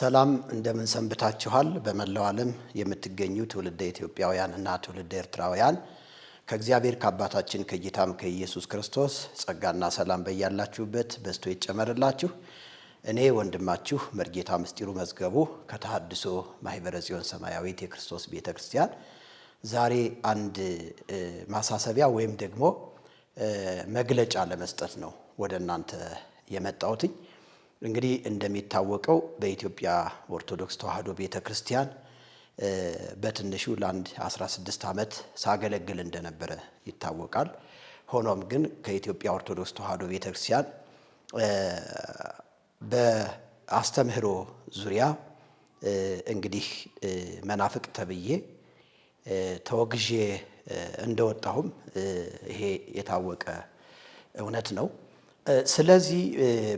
ሰላም እንደምን ሰንብታችኋል? በመላው ዓለም የምትገኙ ትውልደ ኢትዮጵያውያን እና ትውልደ ኤርትራውያን ከእግዚአብሔር ከአባታችን ከጌታም ከኢየሱስ ክርስቶስ ጸጋና ሰላም በያላችሁበት በዝቶ ይጨመርላችሁ። እኔ ወንድማችሁ መርጌታ ምስጢሩ መዝገቡ ከተሃድሶ ማኅበረ ጽዮን ሰማያዊት የክርስቶስ ቤተ ክርስቲያን ዛሬ አንድ ማሳሰቢያ ወይም ደግሞ መግለጫ ለመስጠት ነው ወደ እናንተ የመጣሁትኝ። እንግዲህ እንደሚታወቀው በኢትዮጵያ ኦርቶዶክስ ተዋሕዶ ቤተ ክርስቲያን በትንሹ ለአንድ 16 ዓመት ሳገለግል እንደነበረ ይታወቃል። ሆኖም ግን ከኢትዮጵያ ኦርቶዶክስ ተዋሕዶ ቤተ ክርስቲያን በአስተምህሮ ዙሪያ እንግዲህ መናፍቅ ተብዬ ተወግዤ እንደወጣሁም ይሄ የታወቀ እውነት ነው። ስለዚህ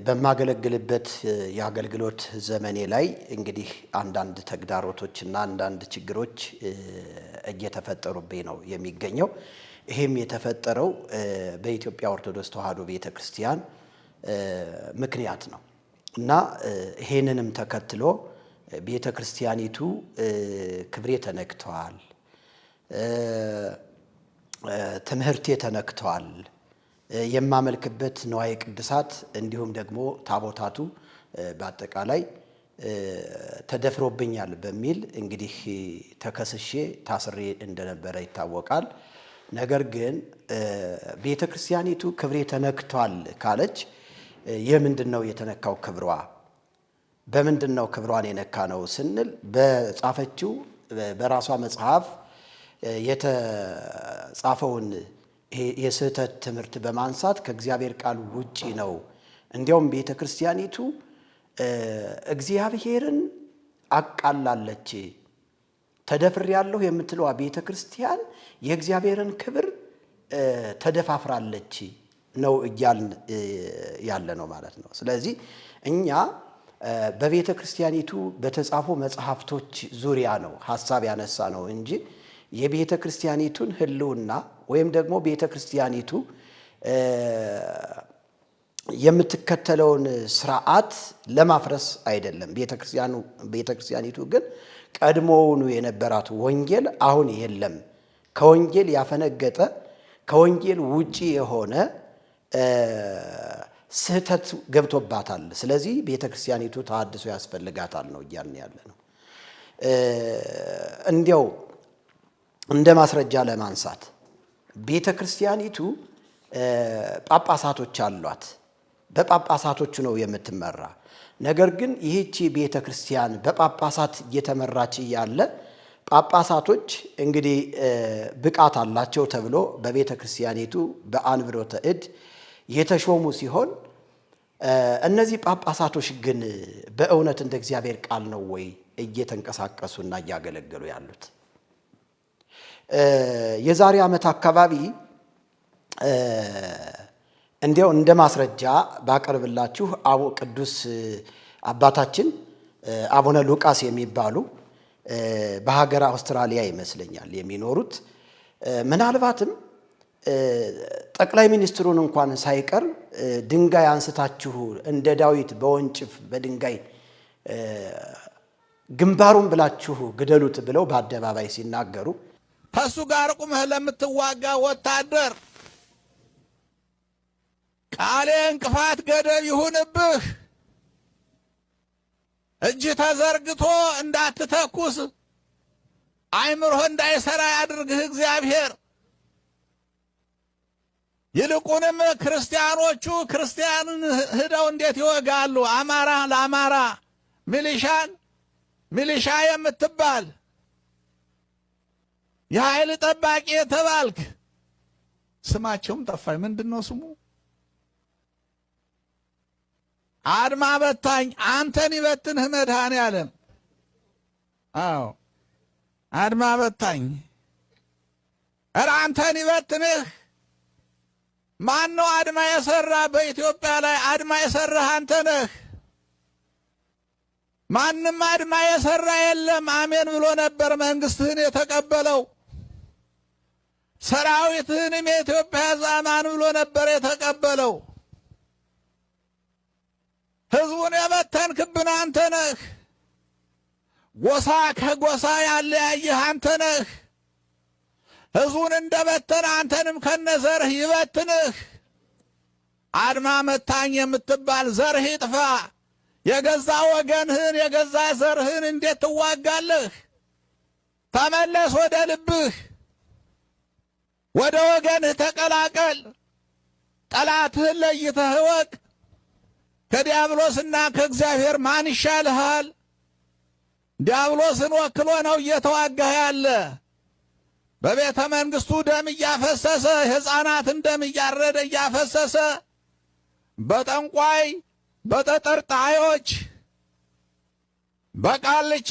በማገለግልበት የአገልግሎት ዘመኔ ላይ እንግዲህ አንዳንድ ተግዳሮቶች እና አንዳንድ ችግሮች እየተፈጠሩብኝ ነው የሚገኘው። ይህም የተፈጠረው በኢትዮጵያ ኦርቶዶክስ ተዋሕዶ ቤተ ክርስቲያን ምክንያት ነው እና ይሄንንም ተከትሎ ቤተ ክርስቲያኒቱ ክብሬ ተነክተዋል፣ ትምህርቴ ተነክተዋል የማመልክበት ንዋየ ቅድሳት እንዲሁም ደግሞ ታቦታቱ በአጠቃላይ ተደፍሮብኛል በሚል እንግዲህ ተከስሼ ታስሬ እንደነበረ ይታወቃል። ነገር ግን ቤተ ክርስቲያኒቱ ክብሬ ተነክቷል ካለች የምንድን ነው የተነካው? ክብሯ በምንድን ነው ክብሯን የነካ ነው ስንል በጻፈችው በራሷ መጽሐፍ የተጻፈውን የስህተት ትምህርት በማንሳት ከእግዚአብሔር ቃል ውጪ ነው። እንዲያውም ቤተ ክርስቲያኒቱ እግዚአብሔርን አቃላለች። ተደፍሬያለሁ የምትለዋ ቤተ ክርስቲያን የእግዚአብሔርን ክብር ተደፋፍራለች ነው እያልን ያለ ነው ማለት ነው። ስለዚህ እኛ በቤተ ክርስቲያኒቱ በተጻፉ መጽሐፍቶች ዙሪያ ነው ሀሳብ ያነሳ ነው እንጂ የቤተ ክርስቲያኒቱን ህልውና ወይም ደግሞ ቤተ ክርስቲያኒቱ የምትከተለውን ስርዓት ለማፍረስ አይደለም። ቤተ ክርስቲያኒቱ ግን ቀድሞውኑ የነበራት ወንጌል አሁን የለም። ከወንጌል ያፈነገጠ ከወንጌል ውጪ የሆነ ስህተት ገብቶባታል። ስለዚህ ቤተ ክርስቲያኒቱ ተሃድሶ ያስፈልጋታል ነው እያልን ያለ ነው። እንዲያው እንደ ማስረጃ ለማንሳት ቤተ ክርስቲያኒቱ ጳጳሳቶች አሏት። በጳጳሳቶቹ ነው የምትመራ። ነገር ግን ይህቺ ቤተ ክርስቲያን በጳጳሳት እየተመራች እያለ ጳጳሳቶች እንግዲህ ብቃት አላቸው ተብሎ በቤተ ክርስቲያኒቱ በአንብሮተ እድ የተሾሙ ሲሆን እነዚህ ጳጳሳቶች ግን በእውነት እንደ እግዚአብሔር ቃል ነው ወይ እየተንቀሳቀሱና እያገለገሉ ያሉት? የዛሬ ዓመት አካባቢ እንዲያው እንደ ማስረጃ ባቀርብላችሁ አቡ ቅዱስ አባታችን አቡነ ሉቃስ የሚባሉ በሀገር አውስትራሊያ ይመስለኛል የሚኖሩት ምናልባትም ጠቅላይ ሚኒስትሩን እንኳን ሳይቀር ድንጋይ አንስታችሁ እንደ ዳዊት በወንጭፍ በድንጋይ ግንባሩን ብላችሁ ግደሉት ብለው በአደባባይ ሲናገሩ ከሱ ጋር ቁመህ ለምትዋጋ ወታደር ቃሌ እንቅፋት ገደብ ይሁንብህ። እጅ ተዘርግቶ እንዳትተኩስ አይምሮህ እንዳይሰራ ያድርግህ እግዚአብሔር። ይልቁንም ክርስቲያኖቹ ክርስቲያንን ሂደው እንዴት ይወጋሉ? አማራ ለአማራ ሚሊሻን ሚሊሻ የምትባል የኃይል ጠባቂ የተባልክ ስማቸውም ጠፋኝ። ምንድን ነው ስሙ? አድማ በታኝ አንተን ይበትንህ መድኃኔ ዓለም። አዎ አድማ በታኝ እረ አንተን ይበትንህ። ማን ነው አድማ የሰራ? በኢትዮጵያ ላይ አድማ የሰራህ አንተ ነህ። ማንም አድማ የሰራ የለም። አሜን ብሎ ነበር መንግስትህን የተቀበለው ሰራዊትህንም የኢትዮጵያ ዛማን ብሎ ነበር የተቀበለው። ህዝቡን የበተንክብን አንተ ነህ። ጎሳ ከጎሳ ያለያየህ አንተ ነህ። ህዝቡን እንደ በተን አንተንም ከነዘርህ ይበትንህ። አድማ መታኝ የምትባል ዘርህ ይጥፋ። የገዛ ወገንህን የገዛ ዘርህን እንዴት ትዋጋለህ? ተመለስ ወደ ልብህ። ወደ ወገንህ ተቀላቀል። ጠላትህን ለይተህ እወቅ። ከዲያብሎስና ከእግዚአብሔር ማን ይሻልሃል? ዲያብሎስን ወክሎ ነው እየተዋጋህ ያለ። በቤተ መንግሥቱ ደም እያፈሰሰ ሕፃናትን ደም እያረደ እያፈሰሰ በጠንቋይ በጠጠርጣዮች በቃልቻ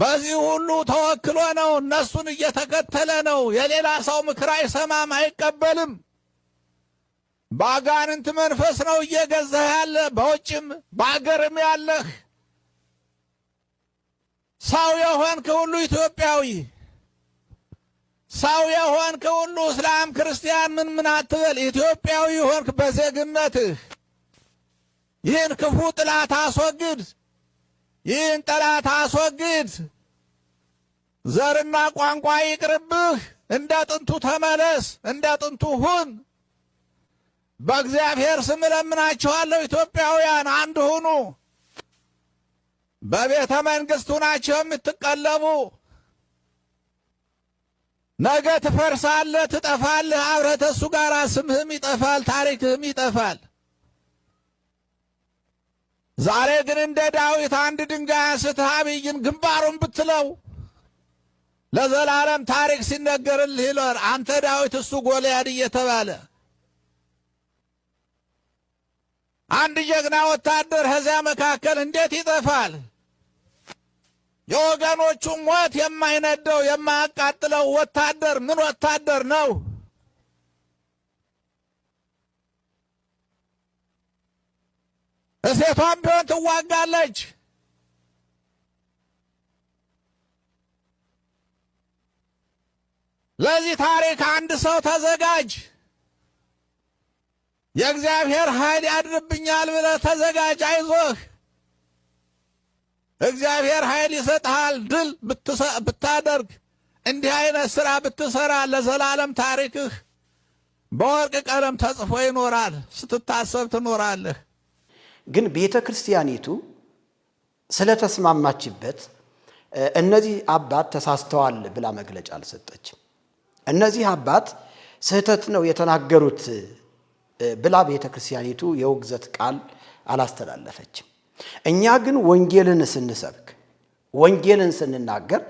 በዚህ ሁሉ ተወክሎ ነው። እነሱን እየተከተለ ነው። የሌላ ሰው ምክር አይሰማም፣ አይቀበልም። በአጋንንት መንፈስ ነው እየገዛህ ያለ፣ በውጭም በአገርም ያለህ ሰው የሆንክ ሁሉ ኢትዮጵያዊ ሰው የሆንክ ሁሉ እስላም፣ ክርስቲያን ምን ምን አትበል፣ ኢትዮጵያዊ ሆንክ በዜግነትህ ይህን ክፉ ጥላት አስወግድ። ይህን ጠላት አስወግድ። ዘርና ቋንቋ ይቅርብህ። እንደ ጥንቱ ተመለስ፣ እንደ ጥንቱ ሁን። በእግዚአብሔር ስም እለምናችኋለሁ። ኢትዮጵያውያን አንድ ሁኑ። በቤተ መንግሥቱ ናቸው የምትቀለቡ ነገ ትፈርሳለህ፣ ትጠፋለህ። አብረህ ተሱ ጋር ስምህም ይጠፋል፣ ታሪክህም ይጠፋል። ዛሬ ግን እንደ ዳዊት አንድ ድንጋይ አንስተህ አብይን ግንባሩን ብትለው ለዘላለም ታሪክ ሲነገርልህ ይለር አንተ ዳዊት እሱ ጎልያድ እየተባለ አንድ ጀግና ወታደር ከዚያ መካከል እንዴት ይጠፋል? የወገኖቹ ሞት የማይነደው የማያቃጥለው ወታደር ምን ወታደር ነው? እሴቷም ቢሆን ትዋጋለች። ለዚህ ታሪክ አንድ ሰው ተዘጋጅ። የእግዚአብሔር ኃይል ያድርብኛል ብለህ ተዘጋጅ። አይዞህ፣ እግዚአብሔር ኃይል ይሰጥሃል። ድል ብታደርግ፣ እንዲህ አይነት ሥራ ብትሠራ ለዘላለም ታሪክህ በወርቅ ቀለም ተጽፎ ይኖራል። ስትታሰብ ትኖራለህ። ግን ቤተ ክርስቲያኒቱ ስለተስማማችበት እነዚህ አባት ተሳስተዋል ብላ መግለጫ አልሰጠችም። እነዚህ አባት ስህተት ነው የተናገሩት ብላ ቤተ ክርስቲያኒቱ የውግዘት ቃል አላስተላለፈችም። እኛ ግን ወንጌልን ስንሰብክ ወንጌልን ስንናገር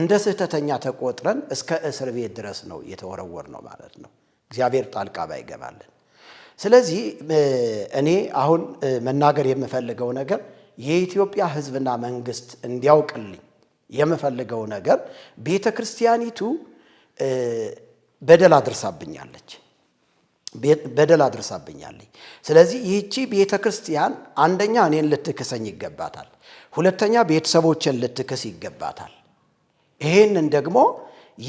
እንደ ስህተተኛ ተቆጥረን እስከ እስር ቤት ድረስ ነው የተወረወር ነው ማለት ነው። እግዚአብሔር ጣልቃ ባይገባልን ስለዚህ እኔ አሁን መናገር የምፈልገው ነገር የኢትዮጵያ ሕዝብና መንግስት እንዲያውቅልኝ የምፈልገው ነገር ቤተ ክርስቲያኒቱ በደል አድርሳብኛለች በደል አድርሳብኛለች። ስለዚህ ይህቺ ቤተ ክርስቲያን አንደኛ እኔን ልትክሰኝ ይገባታል፣ ሁለተኛ ቤተሰቦችን ልትክስ ይገባታል። ይህንን ደግሞ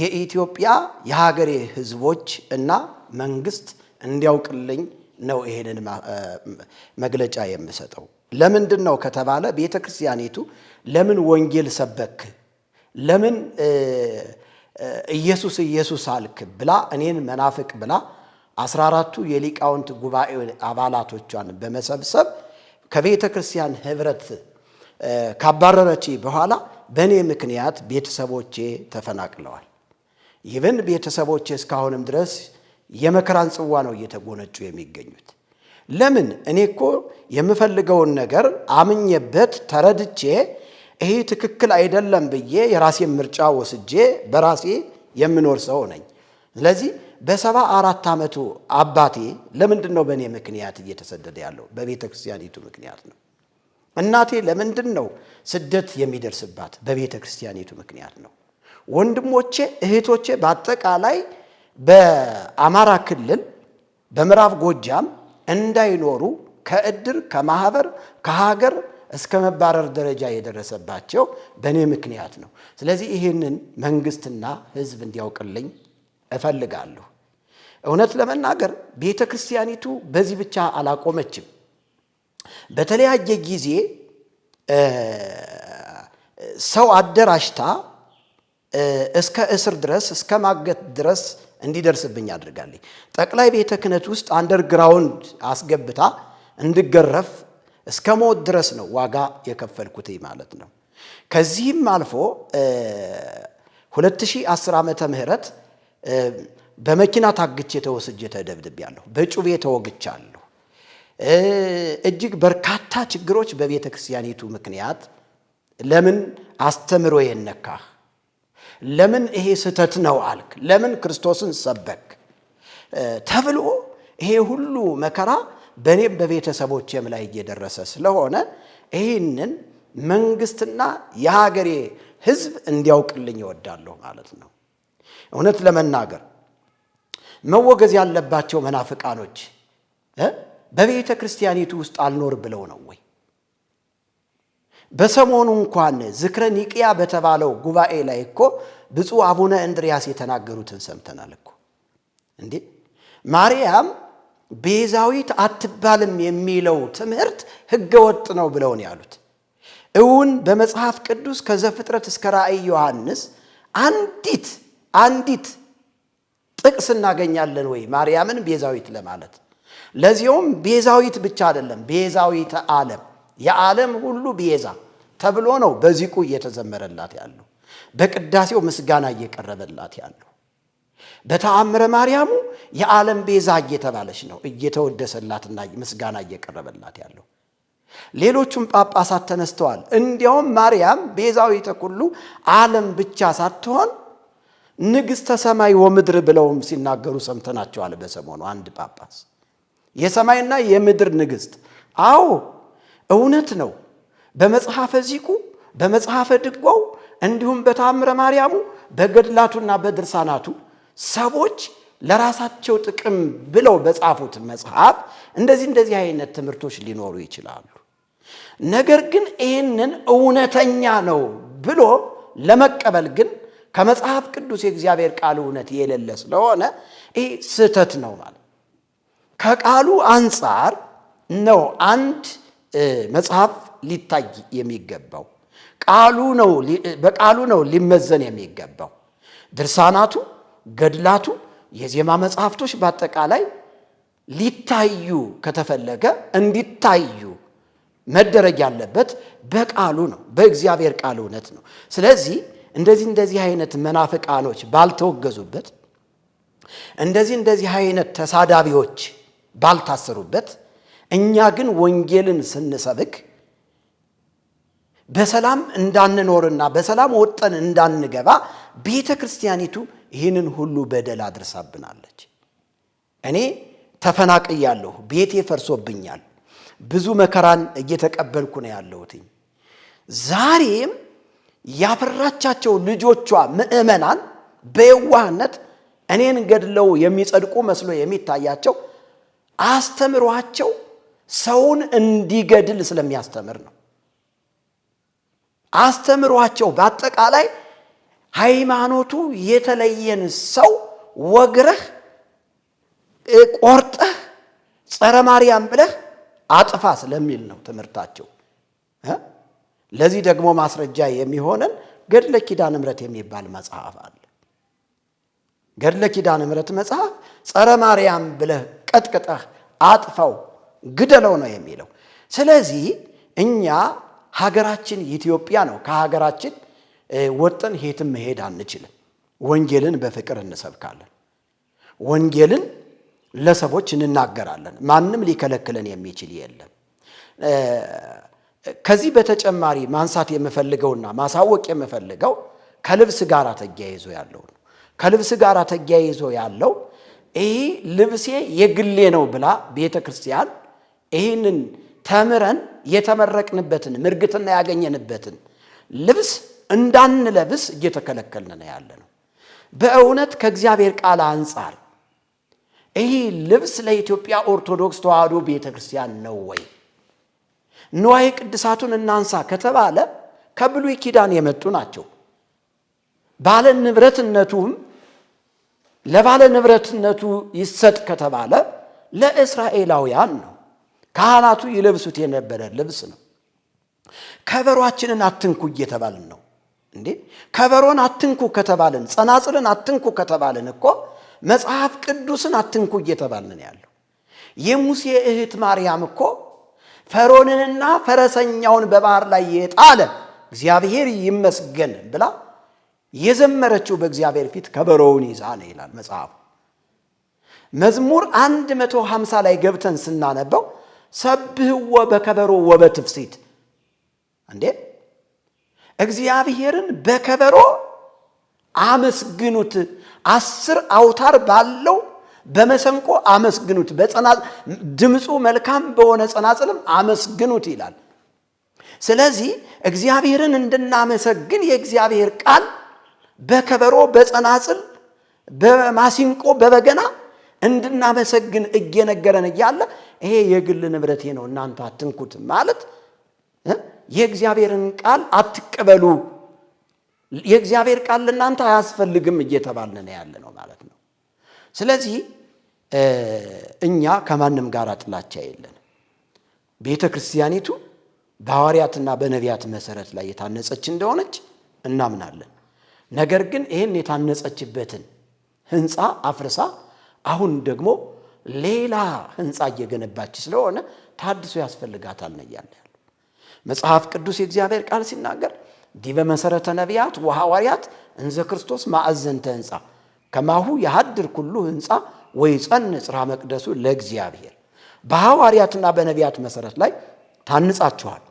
የኢትዮጵያ የሀገሬ ህዝቦች እና መንግስት እንዲያውቅልኝ ነው ይሄንን መግለጫ የምሰጠው። ለምንድን ነው ከተባለ ቤተ ክርስቲያኒቱ ለምን ወንጌል ሰበክ፣ ለምን ኢየሱስ ኢየሱስ አልክ ብላ እኔን መናፍቅ ብላ አስራ አራቱ የሊቃውንት ጉባኤ አባላቶቿን በመሰብሰብ ከቤተ ክርስቲያን ህብረት ካባረረች በኋላ በእኔ ምክንያት ቤተሰቦቼ ተፈናቅለዋል። ይብን ቤተሰቦቼ እስካሁንም ድረስ የመከራን ጽዋ ነው እየተጎነጩ የሚገኙት። ለምን እኔ እኮ የምፈልገውን ነገር አምኜበት ተረድቼ ይሄ ትክክል አይደለም ብዬ የራሴን ምርጫ ወስጄ በራሴ የምኖር ሰው ነኝ። ስለዚህ በሰባ አራት ዓመቱ አባቴ ለምንድን ነው በእኔ ምክንያት እየተሰደደ ያለው? በቤተ ክርስቲያኒቱ ምክንያት ነው። እናቴ ለምንድን ነው ስደት የሚደርስባት? በቤተ ክርስቲያኒቱ ምክንያት ነው። ወንድሞቼ እህቶቼ በአጠቃላይ በአማራ ክልል በምዕራብ ጎጃም እንዳይኖሩ ከእድር ከማህበር ከሀገር እስከ መባረር ደረጃ የደረሰባቸው በእኔ ምክንያት ነው። ስለዚህ ይህንን መንግስትና ህዝብ እንዲያውቅልኝ እፈልጋለሁ። እውነት ለመናገር ቤተ ክርስቲያኒቱ በዚህ ብቻ አላቆመችም። በተለያየ ጊዜ ሰው አደራሽታ እስከ እስር ድረስ እስከ ማገት ድረስ እንዲደርስብኝ አድርጋለኝ። ጠቅላይ ቤተ ክህነት ውስጥ አንደርግራውንድ አስገብታ እንድገረፍ እስከ ሞት ድረስ ነው ዋጋ የከፈልኩት ማለት ነው። ከዚህም አልፎ 2010 ዓመተ ምህረት በመኪና ታግቼ ተወስጄ ተደብድቤያለሁ። በጩቤ ተወግቻለሁ። እጅግ በርካታ ችግሮች በቤተ ክርስቲያኒቱ ምክንያት ለምን አስተምሮ የነካህ ለምን ይሄ ስህተት ነው አልክ? ለምን ክርስቶስን ሰበክ ተብሎ ይሄ ሁሉ መከራ በእኔም በቤተሰቦቼም ላይ እየደረሰ ስለሆነ ይህንን መንግስትና የሀገሬ ህዝብ እንዲያውቅልኝ ይወዳለሁ ማለት ነው። እውነት ለመናገር መወገዝ ያለባቸው መናፍቃኖች በቤተ ክርስቲያኒቱ ውስጥ አልኖር ብለው ነው ወይ? በሰሞኑ እንኳን ዝክረ ኒቅያ በተባለው ጉባኤ ላይ እኮ ብፁዕ አቡነ እንድሪያስ የተናገሩትን ሰምተናል እኮ እንዴ። ማርያም ቤዛዊት አትባልም የሚለው ትምህርት ሕገ ወጥ ነው ብለውን ያሉት እውን በመጽሐፍ ቅዱስ ከዘፍጥረት እስከ ራእይ ዮሐንስ አንዲት አንዲት ጥቅስ እናገኛለን ወይ ማርያምን ቤዛዊት ለማለት? ለዚሁም ቤዛዊት ብቻ አይደለም ቤዛዊት ዓለም የዓለም ሁሉ ቤዛ ተብሎ ነው በዚቁ እየተዘመረላት ያለው፣ በቅዳሴው ምስጋና እየቀረበላት ያለው፣ በተአምረ ማርያሙ የዓለም ቤዛ እየተባለች ነው እየተወደሰላትና ምስጋና እየቀረበላት ያለው። ሌሎቹም ጳጳሳት ተነስተዋል። እንዲያውም ማርያም ቤዛዊተ ኩሉ ዓለም ብቻ ሳትሆን ንግሥተ ሰማይ ወምድር ብለውም ሲናገሩ ሰምተናቸዋል። በሰሞኑ አንድ ጳጳስ የሰማይና የምድር ንግሥት አዎ እውነት ነው። በመጽሐፈ ዚቁ፣ በመጽሐፈ ድጓው እንዲሁም በታምረ ማርያሙ በገድላቱና በድርሳናቱ ሰዎች ለራሳቸው ጥቅም ብለው በጻፉት መጽሐፍ እንደዚህ እንደዚህ አይነት ትምህርቶች ሊኖሩ ይችላሉ። ነገር ግን ይህንን እውነተኛ ነው ብሎ ለመቀበል ግን ከመጽሐፍ ቅዱስ የእግዚአብሔር ቃል እውነት የሌለ ስለሆነ ይህ ስህተት ነው ማለት ከቃሉ አንጻር ነው አንድ መጽሐፍ ሊታይ የሚገባው ቃሉ ነው። በቃሉ ነው ሊመዘን የሚገባው። ድርሳናቱ፣ ገድላቱ፣ የዜማ መጽሐፍቶች በአጠቃላይ ሊታዩ ከተፈለገ እንዲታዩ መደረግ ያለበት በቃሉ ነው፣ በእግዚአብሔር ቃል እውነት ነው። ስለዚህ እንደዚህ እንደዚህ አይነት መናፍቃኖች ባልተወገዙበት፣ እንደዚህ እንደዚህ አይነት ተሳዳቢዎች ባልታሰሩበት እኛ ግን ወንጌልን ስንሰብክ በሰላም እንዳንኖርና በሰላም ወጠን እንዳንገባ ቤተ ክርስቲያኒቱ ይህንን ሁሉ በደል አድርሳብናለች። እኔ ተፈናቅያለሁ፣ ቤቴ ፈርሶብኛል፣ ብዙ መከራን እየተቀበልኩ ነው ያለሁትኝ። ዛሬም ያፈራቻቸው ልጆቿ ምዕመናን በየዋህነት እኔን ገድለው የሚጸድቁ መስሎ የሚታያቸው አስተምሯቸው ሰውን እንዲገድል ስለሚያስተምር ነው። አስተምሯቸው በአጠቃላይ ሃይማኖቱ የተለየን ሰው ወግረህ ቆርጠህ ጸረ ማርያም ብለህ አጥፋ ስለሚል ነው ትምህርታቸው። ለዚህ ደግሞ ማስረጃ የሚሆነን ገድለ ኪዳን እምረት የሚባል መጽሐፍ አለ። ገድለ ኪዳን እምረት መጽሐፍ ጸረ ማርያም ብለህ ቀጥቅጠህ አጥፋው ግደለው ነው የሚለው። ስለዚህ እኛ ሀገራችን ኢትዮጵያ ነው። ከሀገራችን ወጥን ሄትም መሄድ አንችልም። ወንጌልን በፍቅር እንሰብካለን። ወንጌልን ለሰዎች እንናገራለን። ማንም ሊከለክለን የሚችል የለም። ከዚህ በተጨማሪ ማንሳት የምፈልገውና ማሳወቅ የምፈልገው ከልብስ ጋር ተያይዞ ያለው ነው። ከልብስ ጋር ተያይዞ ያለው ይህ ልብሴ የግሌ ነው ብላ ቤተ ክርስቲያን ይህንን ተምረን የተመረቅንበትን ምርግትና ያገኘንበትን ልብስ እንዳንለብስ እየተከለከልን ነው ያለ ነው። በእውነት ከእግዚአብሔር ቃል አንጻር ይህ ልብስ ለኢትዮጵያ ኦርቶዶክስ ተዋህዶ ቤተ ክርስቲያን ነው ወይ? ንዋይ ቅድሳቱን እናንሳ ከተባለ ከብሉይ ኪዳን የመጡ ናቸው። ባለ ንብረትነቱም ለባለ ንብረትነቱ ይሰጥ ከተባለ ለእስራኤላውያን ነው። ካህናቱ ይለብሱት የነበረ ልብስ ነው። ከበሯችንን አትንኩ እየተባልን ነው እንዴ? ከበሮን አትንኩ ከተባልን፣ ጸናጽልን አትንኩ ከተባልን እኮ መጽሐፍ ቅዱስን አትንኩ እየተባልን ያለው የሙሴ እህት ማርያም እኮ ፈሮንንና ፈረሰኛውን በባህር ላይ የጣለ እግዚአብሔር ይመስገን ብላ የዘመረችው በእግዚአብሔር ፊት ከበሮውን ይዛ ነው ይላል መጽሐፉ። መዝሙር 150 ላይ ገብተን ስናነበው ሰብህወ በከበሮ ወበትፍሲት እንዴ እግዚአብሔርን በከበሮ አመስግኑት። አስር አውታር ባለው በመሰንቆ አመስግኑት፣ ድምፁ መልካም በሆነ ጸናጽልም አመስግኑት ይላል። ስለዚህ እግዚአብሔርን እንድናመሰግን የእግዚአብሔር ቃል በከበሮ፣ በጸናጽል፣ በማሲንቆ፣ በበገና እንድናመሰግን እየነገረን እያለ ይሄ የግል ንብረቴ ነው እናንተ አትንኩት ማለት የእግዚአብሔርን ቃል አትቀበሉ፣ የእግዚአብሔር ቃል ለእናንተ አያስፈልግም እየተባልን ነው ያለ ነው ማለት ነው። ስለዚህ እኛ ከማንም ጋር ጥላቻ የለን። ቤተ ክርስቲያኒቱ በሐዋርያትና በነቢያት መሰረት ላይ የታነጸች እንደሆነች እናምናለን። ነገር ግን ይህን የታነጸችበትን ህንፃ አፍርሳ አሁን ደግሞ ሌላ ህንፃ እየገነባች ስለሆነ ታድሶ ያስፈልጋታል ነው እያለ ያሉ መጽሐፍ ቅዱስ የእግዚአብሔር ቃል ሲናገር ዲበ መሰረተ ነቢያት ወሐዋርያት እንዘ ክርስቶስ ማእዘንተ ህንፃ ከማሁ የሀድር ኩሉ ህንፃ ወይ ጸን ጽራ መቅደሱ ለእግዚአብሔር በሐዋርያትና በነቢያት መሰረት ላይ ታንጻችኋል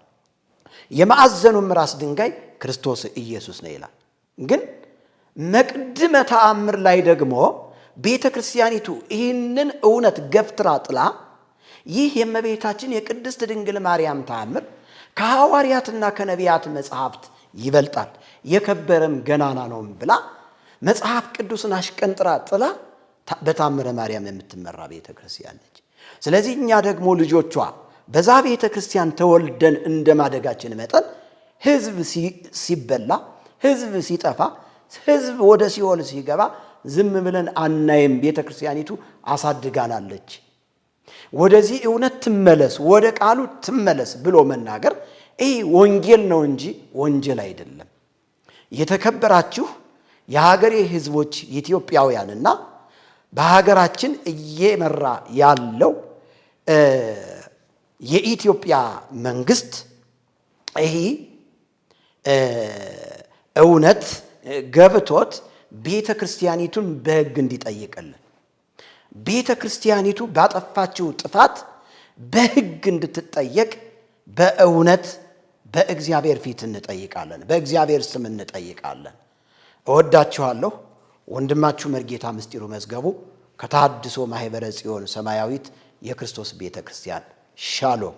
የማዕዘኑም ራስ ድንጋይ ክርስቶስ ኢየሱስ ነው ይላል ግን መቅድመ ተአምር ላይ ደግሞ ቤተ ክርስቲያኒቱ ይህንን እውነት ገፍትራ ጥላ ይህ የእመቤታችን የቅድስት ድንግል ማርያም ተአምር ከሐዋርያትና ከነቢያት መጽሐፍት ይበልጣል የከበረም ገናና ነውም ብላ መጽሐፍ ቅዱስን አሽቀንጥራ ጥላ በታምረ ማርያም የምትመራ ቤተ ክርስቲያን ነች። ስለዚህ እኛ ደግሞ ልጆቿ በዛ ቤተ ክርስቲያን ተወልደን እንደማደጋችን መጠን ህዝብ ሲበላ፣ ህዝብ ሲጠፋ፣ ህዝብ ወደ ሲኦል ሲገባ ዝም ብለን አናይም። ቤተ ክርስቲያኒቱ አሳድጋናለች። ወደዚህ እውነት ትመለስ፣ ወደ ቃሉ ትመለስ ብሎ መናገር ይህ ወንጌል ነው እንጂ ወንጀል አይደለም። የተከበራችሁ የሀገሬ ሕዝቦች ኢትዮጵያውያንና በሀገራችን እየመራ ያለው የኢትዮጵያ መንግስት ይህ እውነት ገብቶት ቤተ ክርስቲያኒቱን በሕግ እንዲጠይቅልን ቤተ ክርስቲያኒቱ ባጠፋችው ጥፋት በሕግ እንድትጠየቅ በእውነት በእግዚአብሔር ፊት እንጠይቃለን። በእግዚአብሔር ስም እንጠይቃለን። እወዳችኋለሁ። ወንድማችሁ መርጌታ ምስጢሩ መዝገቡ ከተሃድሶ ማኅበረ ጽዮን ሰማያዊት የክርስቶስ ቤተ ክርስቲያን ሻሎም